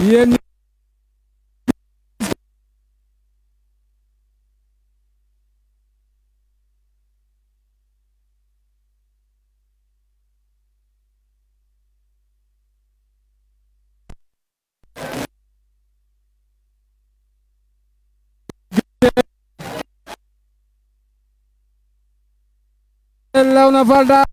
Yeni una falda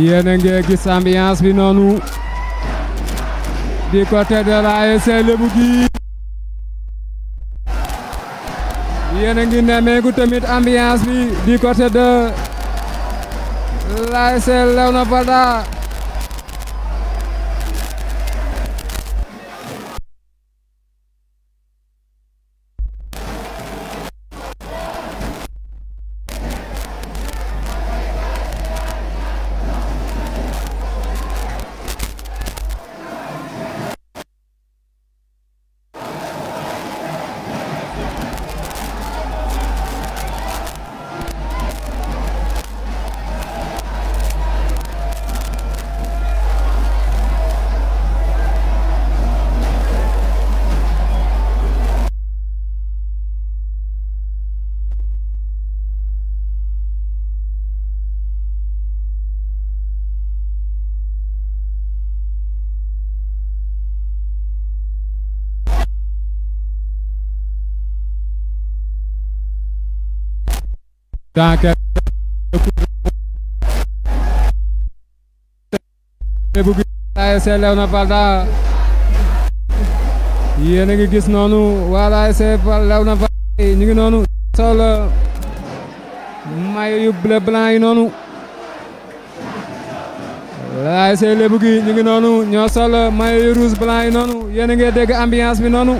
yéen a ngi gis ambiance bi noonu du côté de l'ASC Lebougui gi yéen a ngi nemmeeku tamit ambiance bi du côté de l'ASC Léona Fada Taka bu ASC Léona Falta yéen a ngi gis noonu waa ASC Léona Falta ñu noonu sol yu bleu blanc yi noonu ASC Lebougui ñu noonu ñoo sol maillot yu rouge blanc yi noonu yéen a ngi dégg ambiance noonu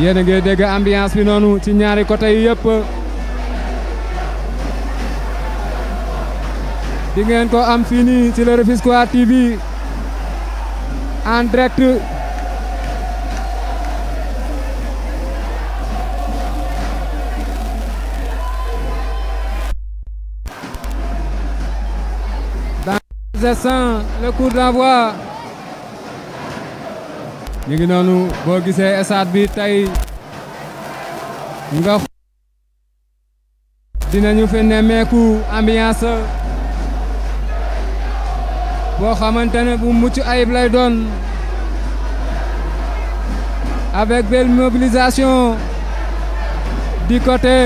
yéen a ngi dégg ambiance bi noonu ci ñaari côté yi yëpp di ngeen ko am fii nii ci le Rufisquois TV en direct dans les le cours d'envoi ñu ngi noonu boo gisee stade bi tey nga dinañu fi nemmeeku ambiance boo xamante ne bu mucc ayib lay doon avec belle mobilisation du côté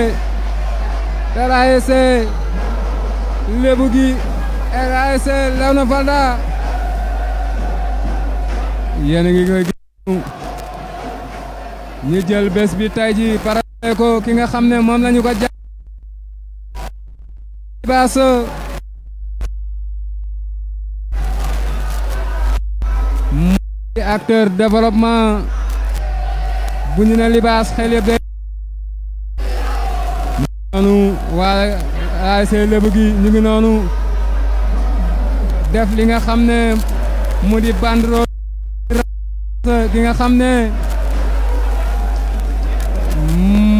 de l'ASC gi et l'ASC Léona yéen a ngi ñu jël bés bi tay ji parale ko ki nga xam ne moom lañu ko jàpp baas mooy acteur développement bu ñu ne libaas xel yëpp day noonu waaye ay see lébu gi ñu ngi noonu def li nga xam ne mu di bandroo gi nga xam ne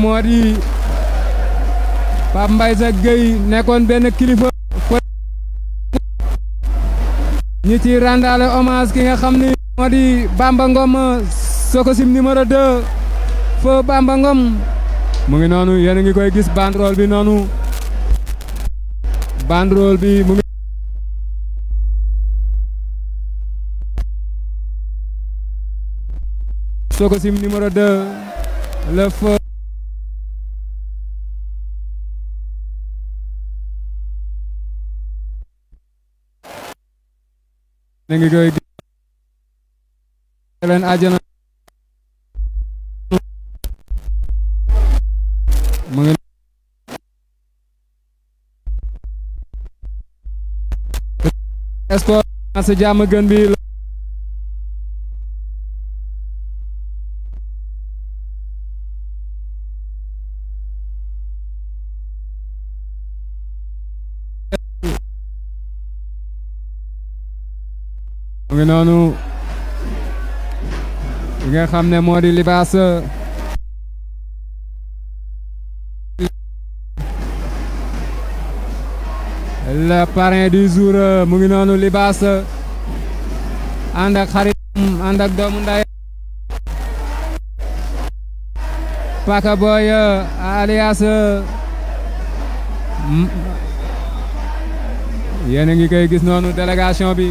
moo di Pape Mbaye Jacques Gueye nekkoon benn kilifa ñi ci rendaale hommage ki nga xam ni moo di Bamba Ngom Sococim numéro 2 feu Bamba Ngom mu ngi noonu yéen ngi koy gis banderole bi noonu banderole bi mu ngi Soko Sim numéro 2, le feu. Nengi goy Kalian aja Mengenai Espoir sejam genbil ngi noonu li nga xam ne euh, le parrain du jour euh, mu ngi noonu libaas euh, ànd ak xaritam ànd ak doomu Paka Boy alias yéen a ngi koy gis noonu délégation bi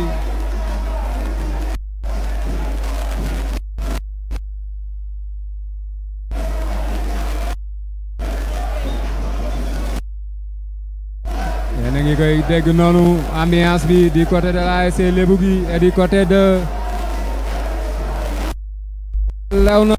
koy dégg noonu ambiance bi di côté de l'ASC Lébou gi di du côté de Léona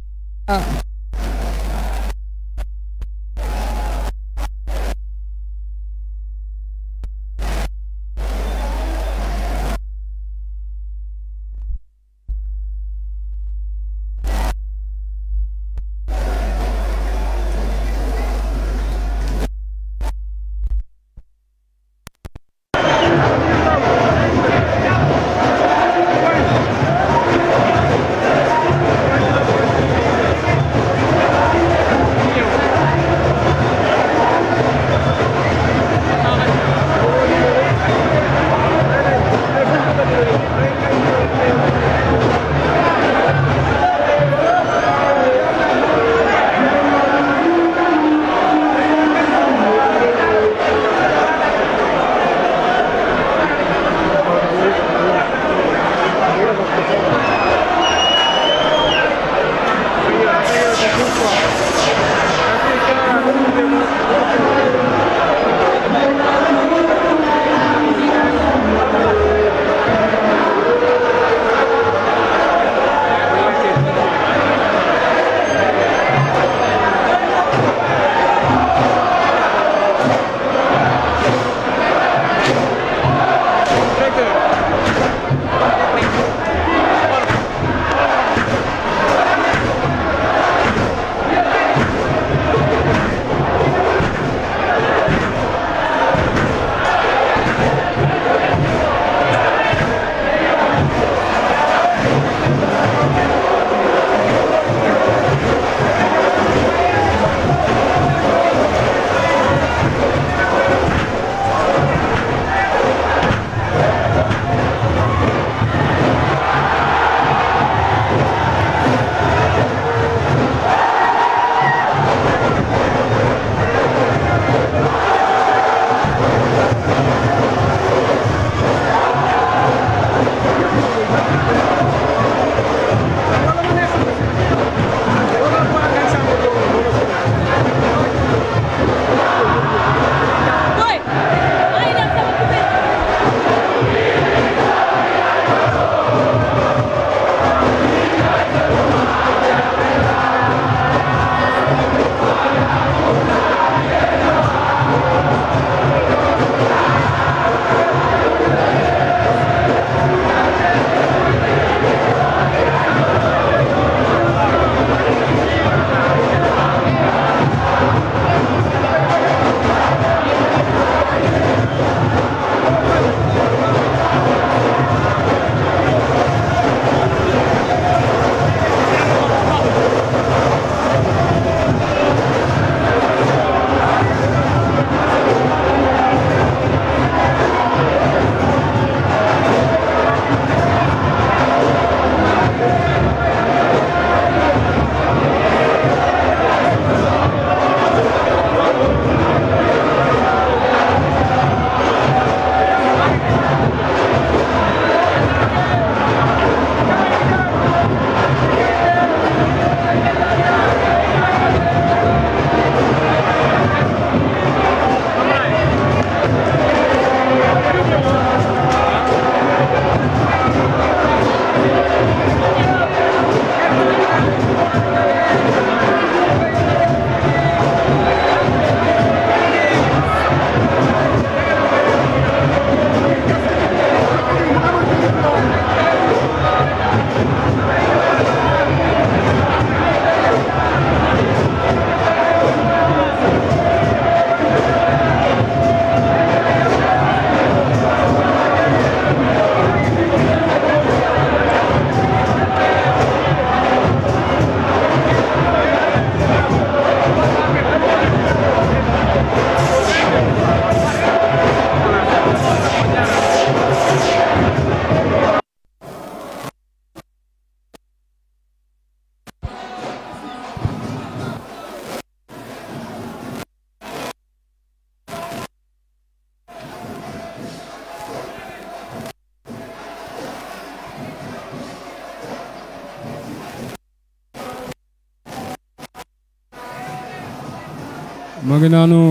ngi noonu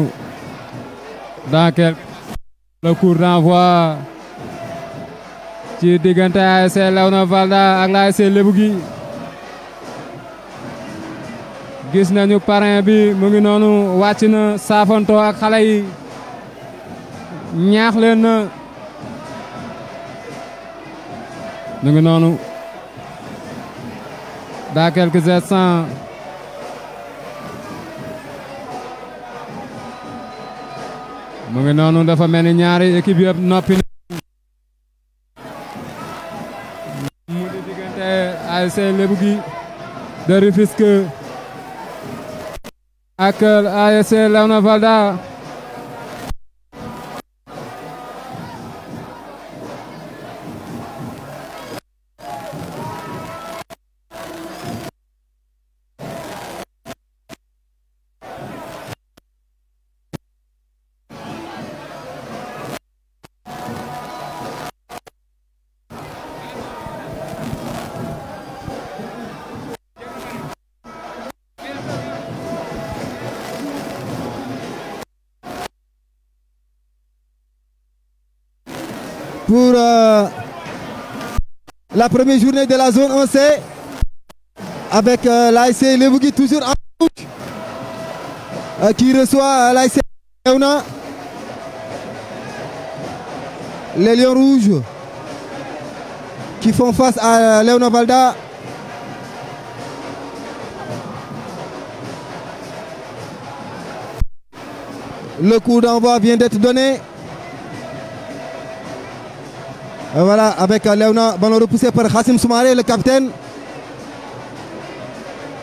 dans quelques le coup Valda ak ASC Lébou gi gis nañu parrain bi mu ngi noonu wàcc na saafontoo ak xale ñaax leen na mu ngi noonu dafa mel ni ñaari équipe yëpp noppi na mu di diggante ASC Lébou Gui de Rufisque ak ASC Léona Valda La première journée de la zone 1C avec euh, l'AIC Lebougui toujours en touche euh, qui reçoit euh, l'AIC Leona. Les Lions Rouges qui font face à euh, Léona Valda. Le coup d'envoi vient d'être donné. Voilà, avec Léona, ballon repoussé par Hassim Soumaré, le capitaine.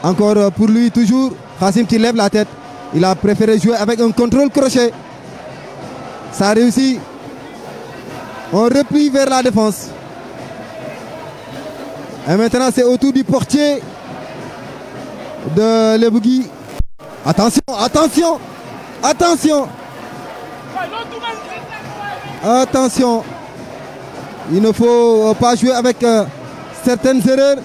Encore pour lui, toujours. Hassim qui lève la tête. Il a préféré jouer avec un contrôle crochet. Ça a réussi. On replie vers la défense. Et maintenant, c'est autour du portier de Lebougui. Attention, attention, attention. Attention. Il ne faut pas jouer avec euh, certaines erreurs.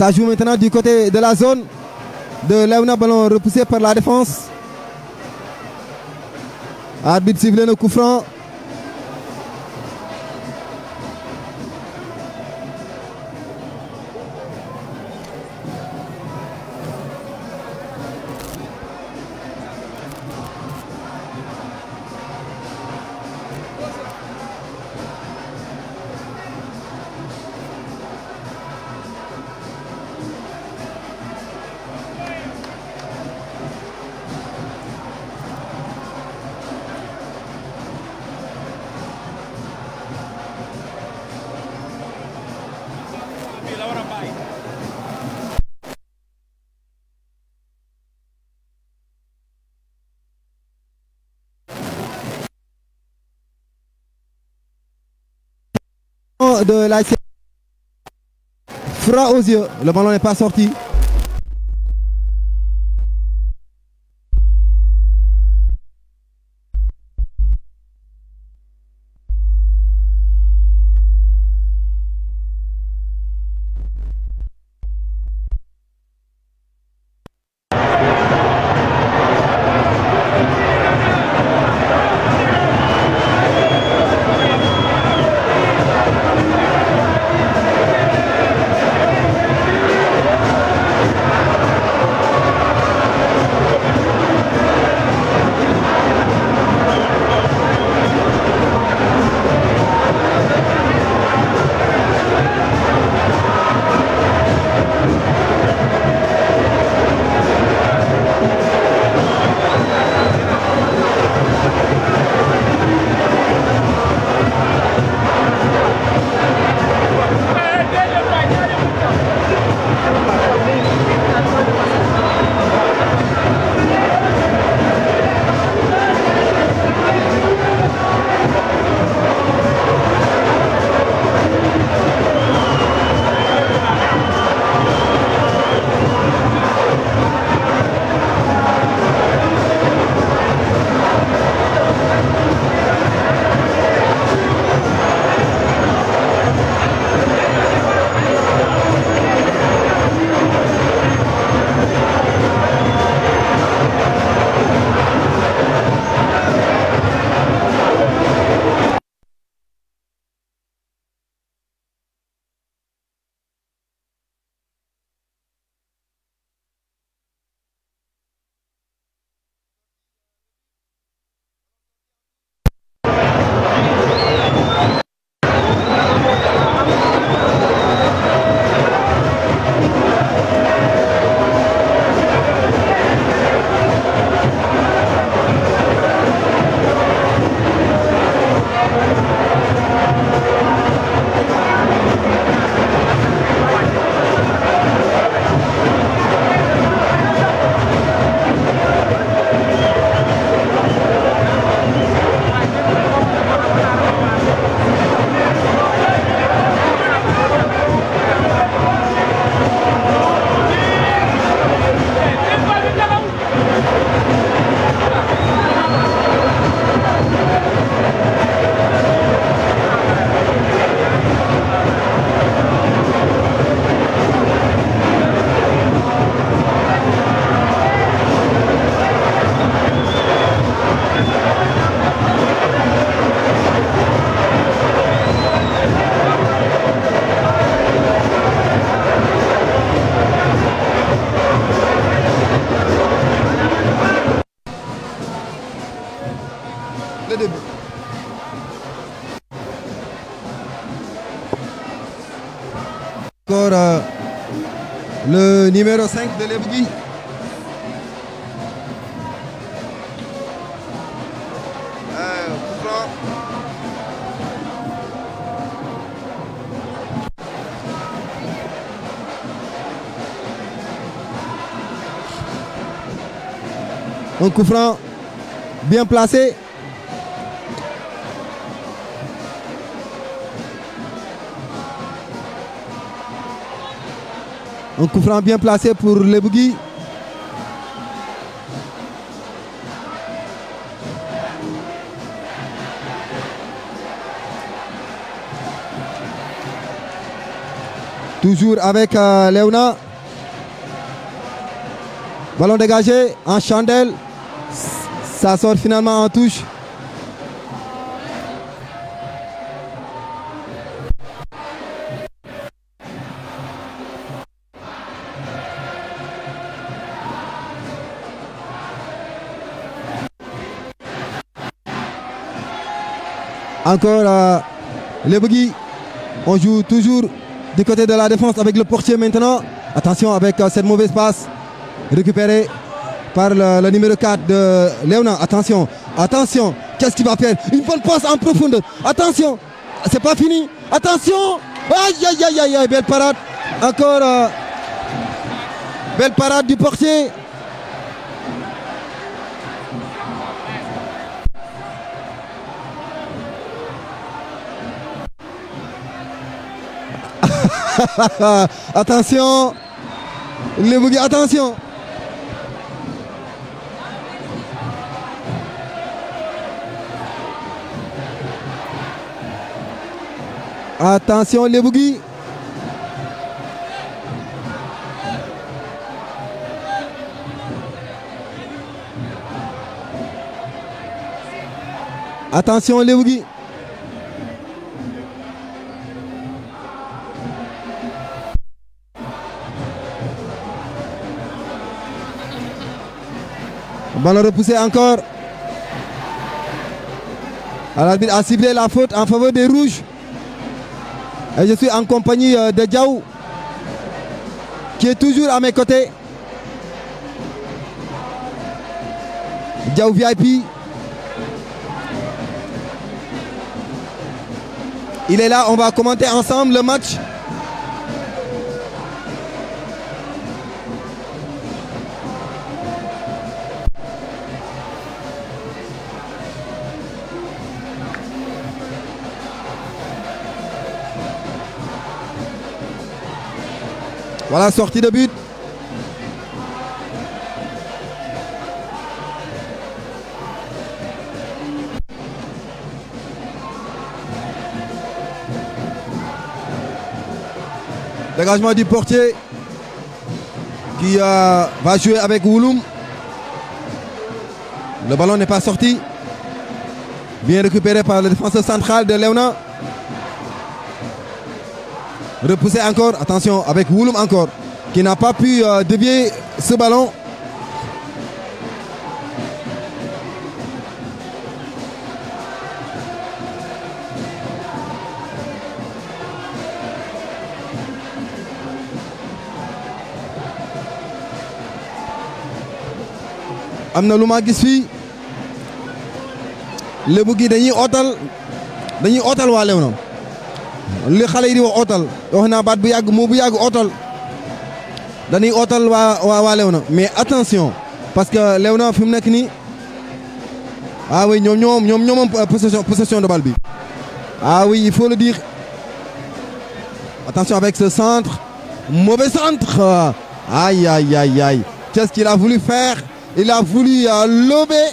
Ça joue maintenant du côté de la zone de Léona Ballon repoussé par la défense. Arbitre sifflé le coup de la Fra aux yeux. Le ballon n'est pas sorti. numéro 5 de l'Ebgui. Un euh, coup franc bien placé Un coup bien placé pour les bougies. Toujours avec Leona. Euh, Léona. Ballon dégagé en chandelle. Ça sort finalement en touche. Encore euh, les buggy. On joue toujours du côté de la défense avec le portier maintenant. Attention avec euh, cette mauvaise passe récupérée par le, numéro 4 de Léonard. Attention, attention. Qu'est-ce qu'il va faire Une bonne passe en profonde, Attention, c'est pas fini. Attention. Aïe, aïe, aïe, aïe, belle parade. Encore. Euh, belle parade du portier. attention Bougui. attention Attention Bougui. Attention bougies Ballon repousser encore. L'arbitre a ciblé la faute en faveur des rouges. Et je suis en compagnie euh, de Djaou. qui est toujours à mes côtés. Djaou VIP. Il est là, on va commenter ensemble le match. Voilà, sortie de but. Dégagement du portier qui euh, va jouer avec Ouloum. Le ballon n'est pas sorti. Bien récupéré par le défenseur central de Léona. Repousser encore, attention, avec Wouloum encore, qui n'a pas pu euh, dévier ce ballon. Amna Gisfi le Bouguidani Otal, Otal Otal li xalé yi di wax ootal wax na baat bu yag mo bu yag ootal dañi ootal wa wa, waa mais attention parce que lewna a nek une ah oui ñom ñom ñom ñom possession possession de balle bi. ah oui il faut le dire attention avec ce centre mauvais centre aïe aïe aïe aïe qu'est-ce qu'il a voulu faire il a voulu euh, lever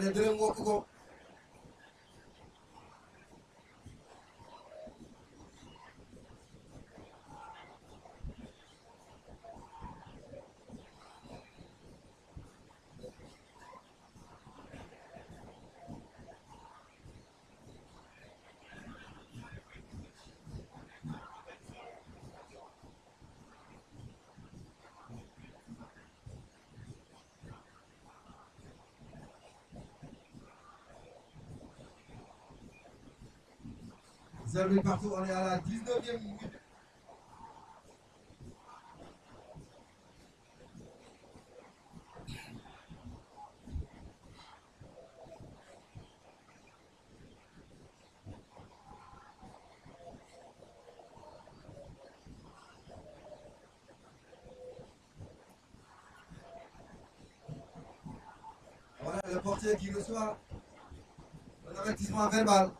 那联合国。Salut partout, on est à la 19e minute. Voilà le portier qui reçoit un verbal.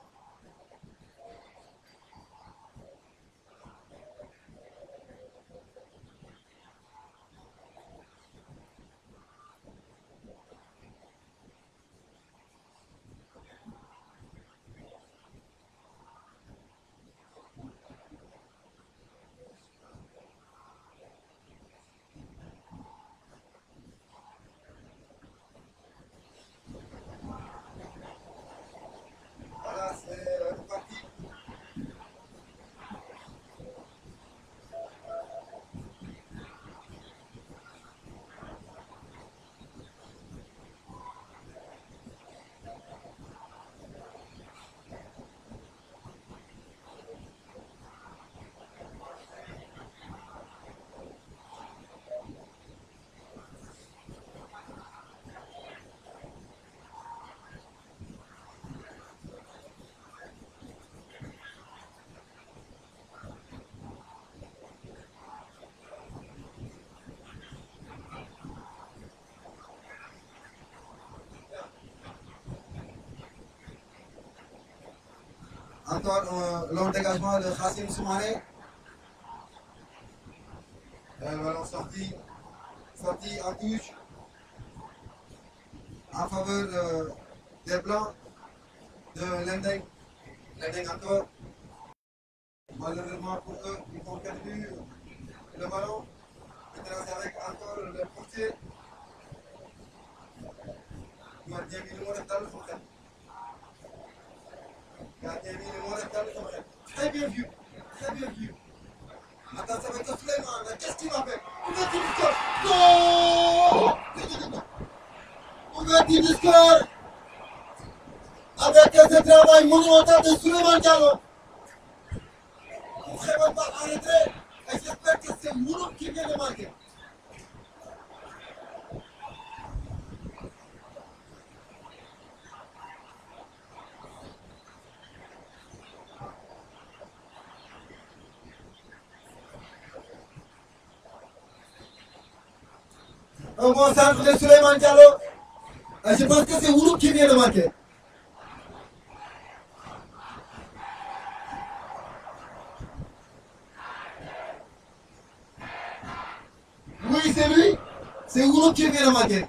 Encore euh, lors long dégagement de Khassim Soumaré. elle euh, ballon sorti, en touche en faveur euh, des Blancs. मुझे होता तो इसमें मर जाओ उसे बस बस आ रहे थे ऐसे पैक से मुंह खींचे के मार के वो सांस ले सुलेमान चालो ऐसे पैक से मुंह खींचे के मार के ঠেকে আমাকে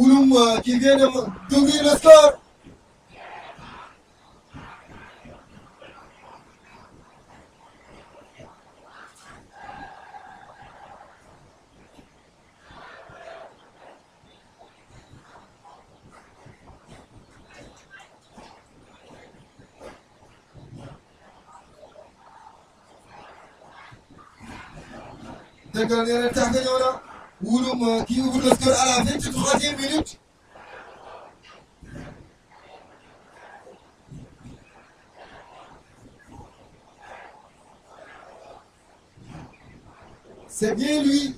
Ulum ki gene dungin dernier intervenant na tax qui ouvre le score à la 23 troisième minute. C'est bien lui.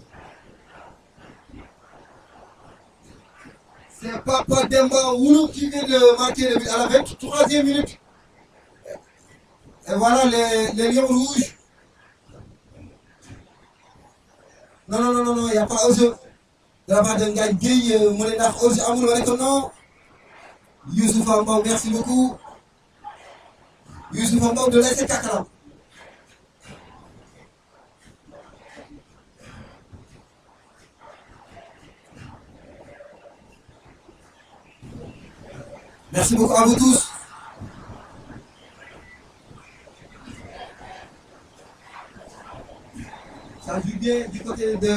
C'est Papa Demba Oulou qui vient de marquer le but à la 23e minute. Et voilà les Lions Rouges Il pas a pas de la part de Ngaï aux yeux, Amour, ton Ambaou, merci beaucoup. Yusuf Ambaou de l'AC 4 Merci beaucoup à vous tous. Ça du bien du côté de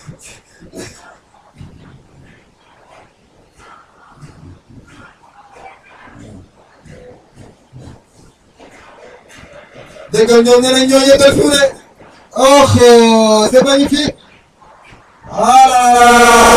Dès que nous ñoo yëgal suuf de oh, oh c'est magnifique ah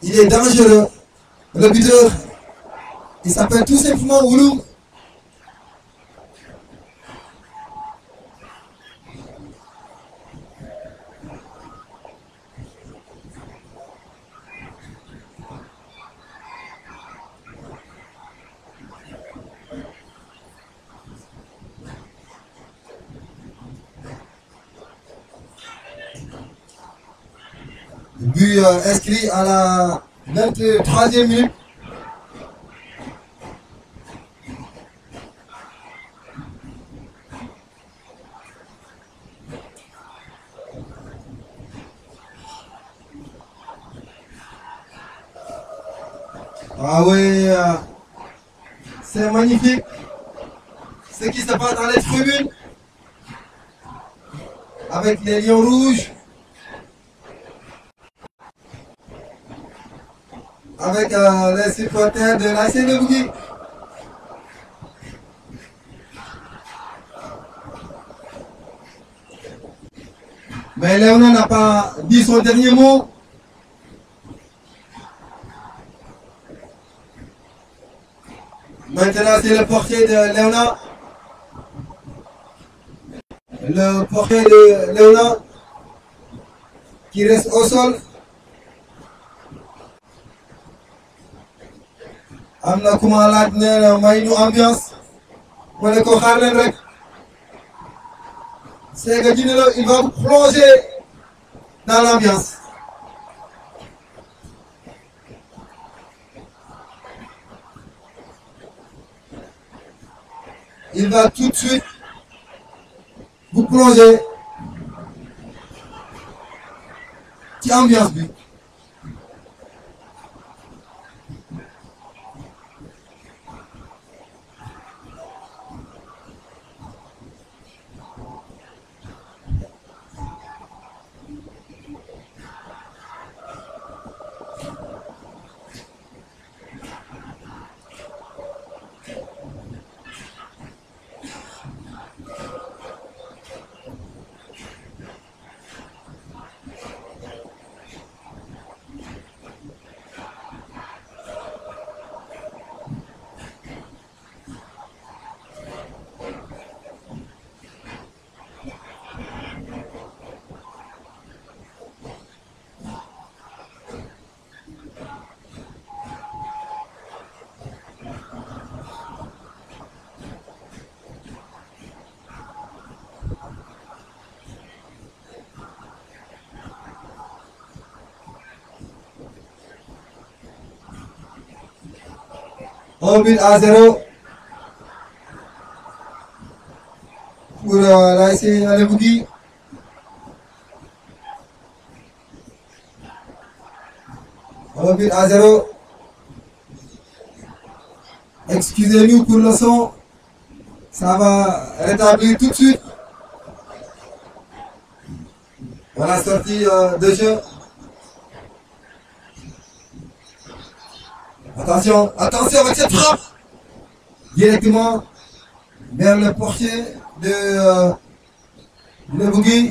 Il est dangereux le buteur, il s'appelle tout simplement Oulou. but euh, inscrit à la 23e Ah oui, euh, c'est magnifique. Ce qui se passe dans les tribunes avec les lions rouges. avec euh, les supporters de la Bougie, Mais Léonard n'a pas dit son dernier mot. Maintenant, c'est le portrait de Léonard. Le portrait de Léonard qui reste au sol. am na ku ma laaj ambiance ma ne ko rek il va plonger dans l'ambiance il va tout de suite vous plonger dans ambiance Orbit a à zéro. Pour euh, la SC Alebouki. A0. à zéro. Excusez-nous pour le son. Ça va rétablir tout de suite. On a sorti euh, deux jeux Attention, attention avec cette frappe Directement vers le portier de euh, Le Bougie.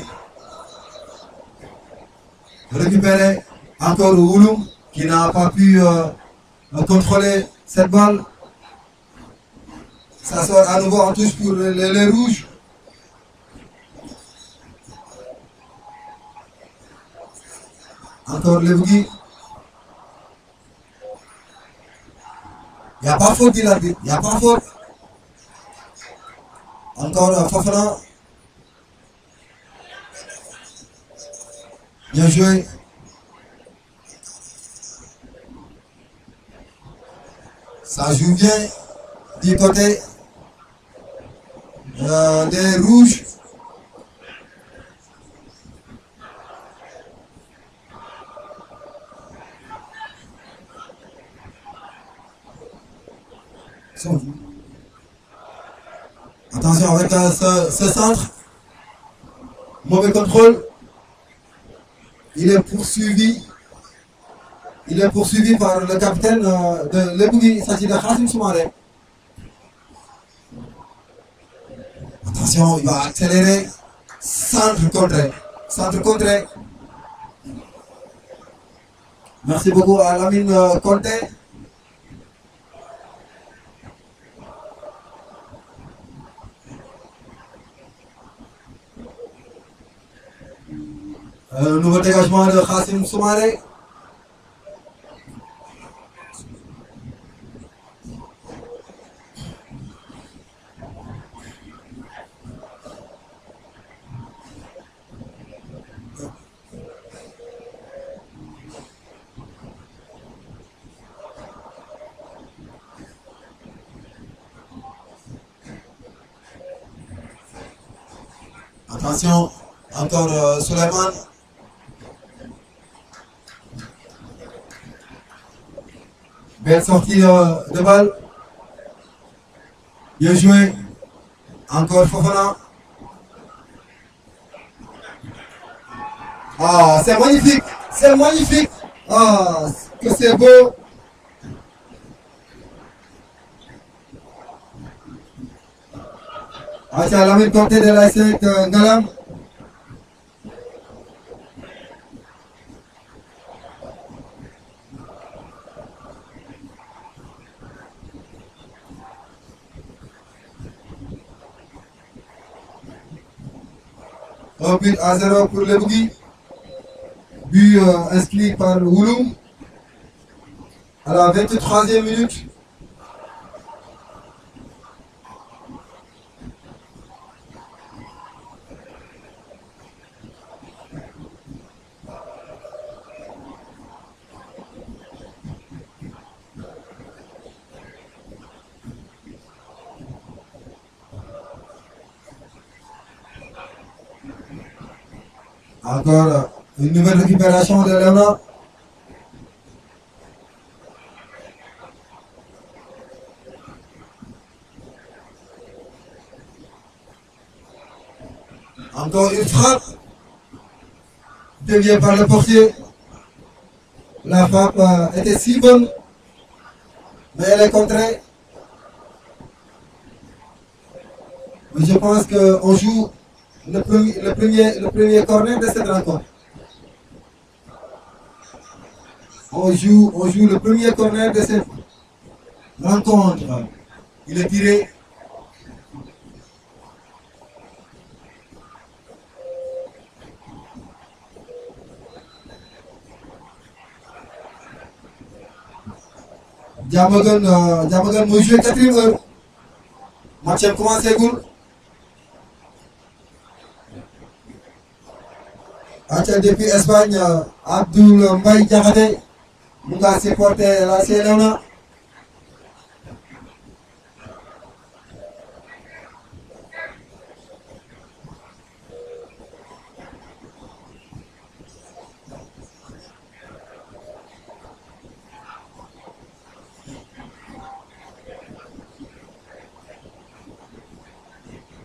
Récupéré encore Oulou qui n'a pas pu euh, contrôler cette balle. Ça sort à nouveau en touche pour les, rouges. Encore le Il n'y a pas faute, dit l'arbitre. Il n'y a pas faute. Encore Fofana. Bien joué. Ça joue bien du côté euh, des rouges. Attention. avec ce, centre. Mauvais contrôle. Il est poursuivi. Il est poursuivi par le capitaine euh, de l'Ebougui. Il s'agit de Soumaré. Attention, il va accélérer. Centre contre, Centre contré. Merci beaucoup à Lamine euh, Conté. Euh, nouveau dégagement de Hassim Soumaré. Attention, encore euh, Suleiman. Belle sortie euh, de balle. Bien joué. Encore Fofana. Ah, c'est magnifique. C'est magnifique. Ah, que c'est beau. Ah, c'est la même portée de la de euh, Ngalam. Un but à zéro pour les Bougui. But euh, inscrit par Houloum. À la 23e minute, Encore une nouvelle récupération de Léonard. Encore une frappe. Déviée par le portier. La frappe euh, était si bonne. Mais elle est contrée. Mais je pense qu'on joue le premier, le premier, corner de cette rencontre. On joue, le premier corner de cette rencontre. Il est tiré. Diamagon, euh, je nous quatrième heure. Match commencé, cool. aca depuis Espagne Abdoul Mbaye Diakhaté nous nga la Léona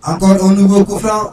Encore un nouveau coup franc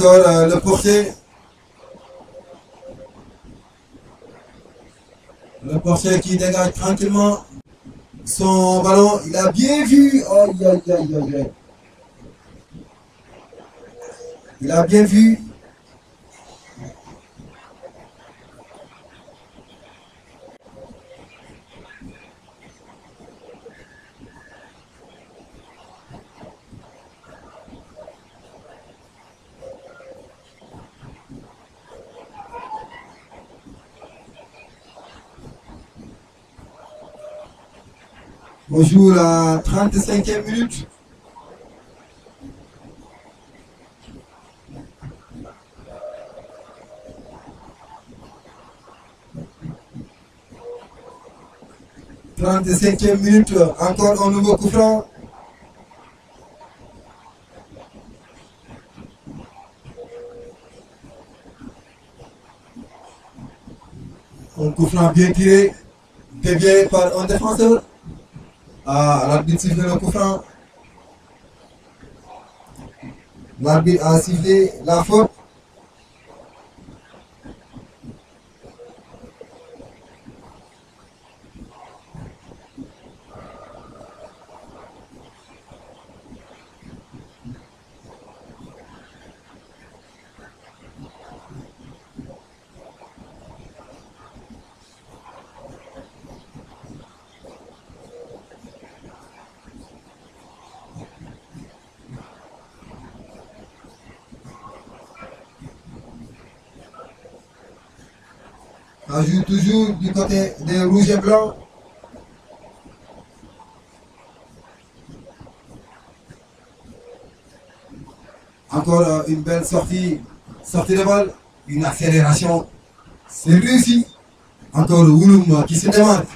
Euh, le portier. Le portier qui dégage tranquillement son ballon. Il a bien vu. Il a bien vu. On à la 35e minute. Trente-cinquième minute, encore un nouveau coup franc. Un coup franc bien tiré, dévié par un défenseur. Ah, l'arbitre sifflé le coup franc. L'arbitre a sifflé la faute. On toujours du côté des rouges et blancs. Encore euh, une belle sortie. Sortie de balle. Une accélération. C'est réussi. Encore Ouloum euh, qui se demande.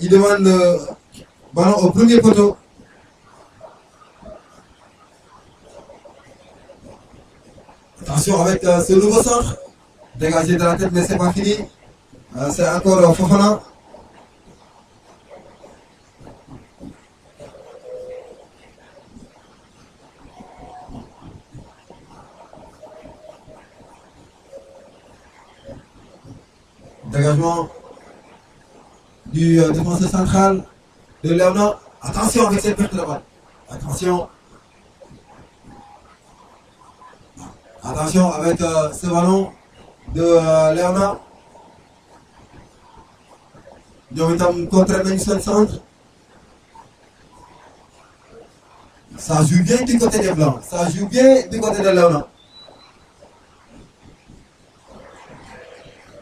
Il demande le euh, ballon au premier poteau. Attention avec ce nouveau centre. Dégagé de la tête, mais c'est pas fini. Ah, c'est encore Fofana. Dégagement du euh, défenseur central de Lerna Attention avec cette perte de balle. Attention. Attention avec euh, ce ballon de euh, Lerna ñoom itam contre nañu centre ça joue bien du côté des blancs ça joue bien du côté de Léona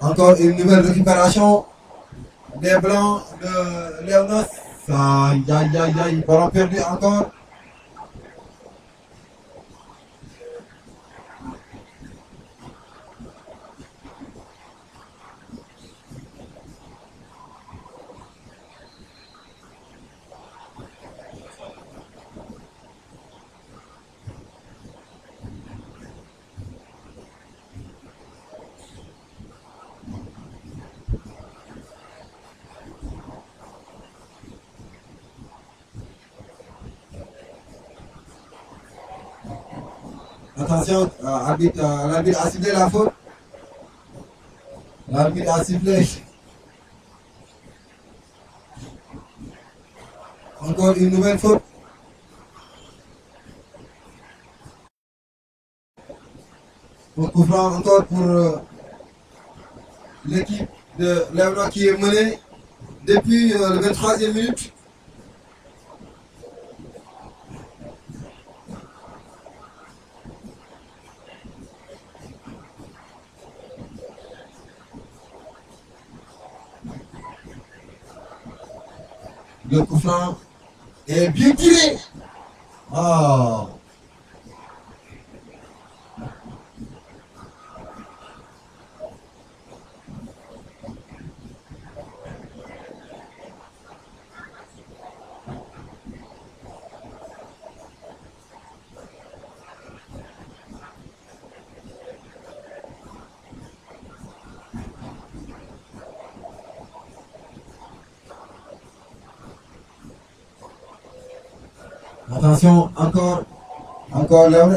encore une nouvelle récupération des blancs de Léona ça y a y a perdu encore Attention, euh, euh, l'arbitre a ciblé la faute. L'arbitre a sifflé. Encore une nouvelle faute. On couvrir encore pour euh, l'équipe de l'Evra qui est menée depuis le 23e minute. le coup est bien tiré. Oh. Attention, encore, encore là.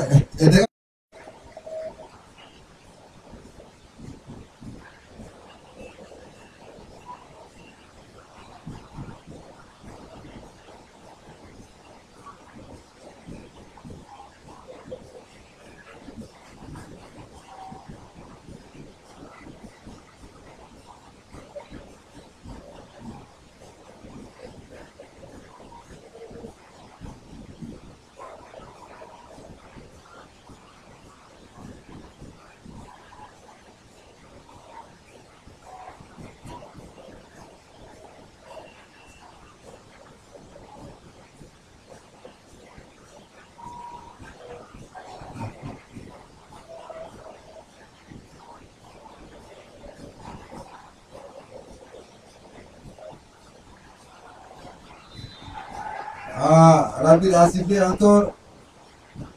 a ciblé encore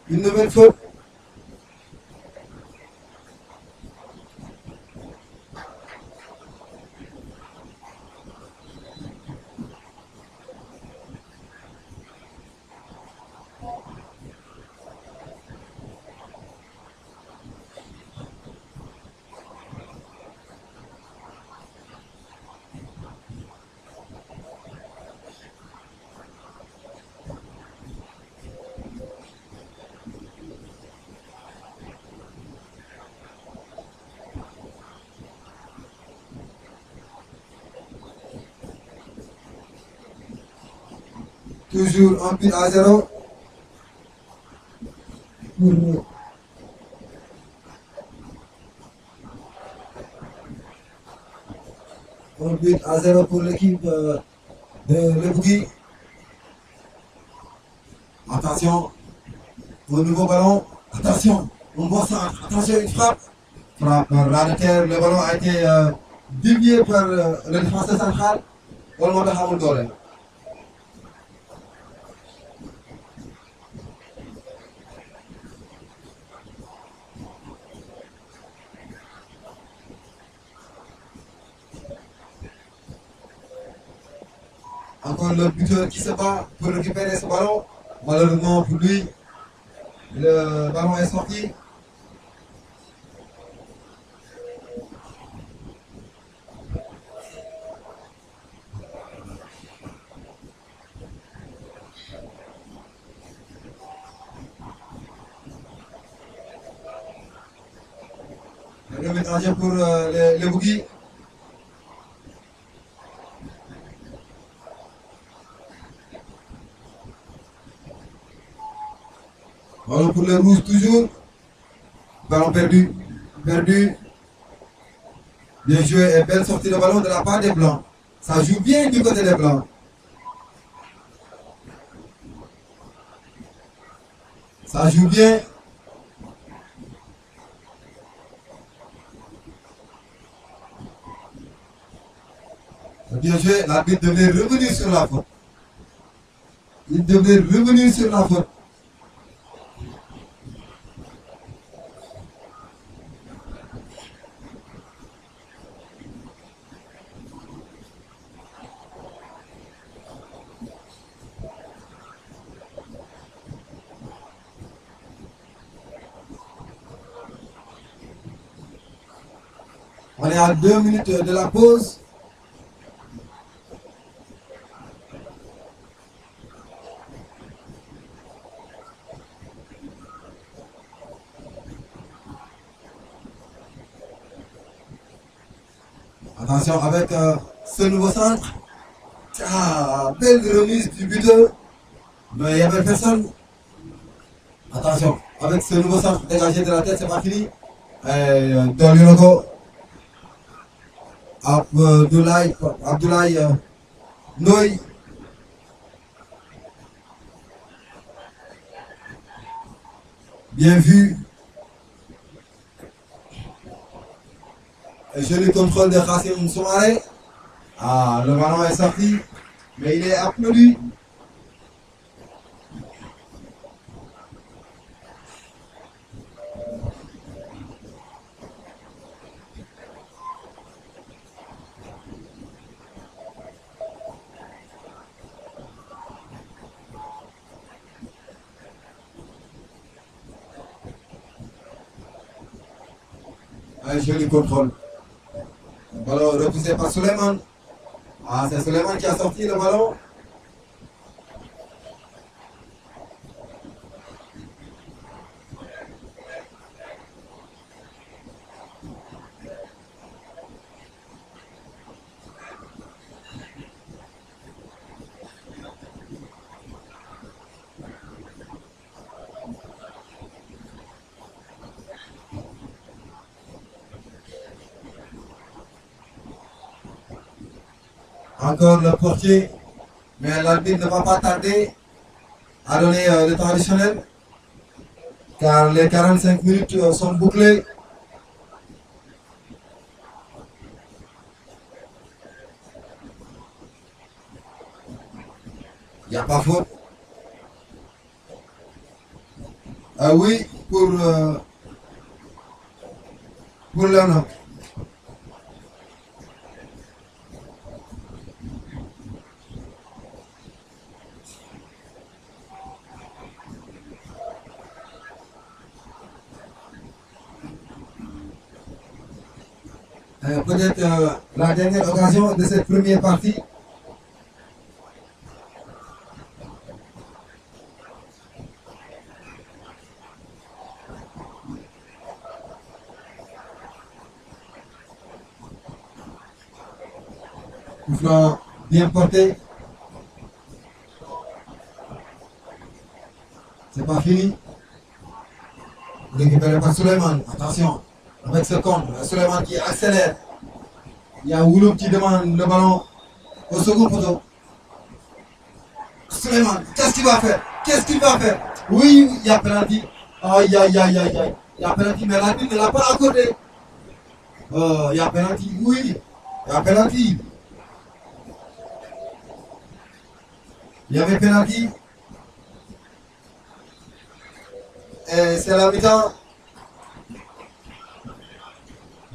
une nouvelle fois, toujours un but à zéro pour un but à zéro pour l'équipe de Le Attention, au nouveau ballon, attention, on voit ça, attention, une frappe. Frappe par terre, le ballon a été euh, dévié par euh, le défenseur central. Olmo de qui se bat pour récupérer ce ballon. Malheureusement pour lui, le ballon est sorti. Le métrage pour le euh, les, les pour le rouge toujours. Ballon perdu, perdu. Bien joué et belle sortie de ballon de la part des Blancs. Ça joue bien du côté des Blancs. Ça joue bien. Bien joué, l'arbitre devait revenir sur la faute. Il devait revenir sur la faute. 2 deux minutes de la pause. Attention avec euh, ce nouveau centre. Ah, belle remise du buteur. Mais il n'y avait personne. Attention, avec ce nouveau centre dégagé de la tête, c'est pas fini. Et, euh, dans le logo, euh, Abdoulaye, Abdoulaye euh, Noy. Bien vu. Je le contrôle de Racine Soumaré. Ah, le ballon est sorti, mais il est applaudi. un joli contrôle. Le ballon repoussé par Suleiman. Ah, c'est Suleiman qui a sorti le ballon. encore le portier, mais l'arbitre ne va pas tarder à donner euh, le temps car les 45 minutes euh, sont bouclées. Il n'y a pas faute. Ah oui, l'occasion de cette première partie. Coup bien porter. C'est pas fini. Récupéré pas Suleiman. Attention. Avec ce compte, Suleiman qui accélère. Il y a Wouloub qui demande le ballon au second poteau. Suleiman, qu'est-ce qu'il va faire Qu'est-ce qu'il va faire Oui, il y a penalty. Aïe, aïe, aïe, aïe, aïe. Il y a penalty, mais la ne l'a pas accordé. Euh, il y a penalty, oui. Il y a penalty. Il y avait penalty. Et c'est la mi-temps.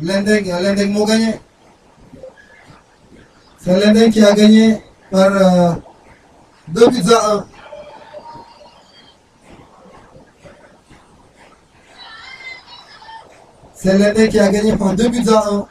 Lendeng, Lendeng m'a gagné. C'est l'année qui a gagné par 2 euh, buts à 1. C'est l'année qui a gagné par 2 buts à 1.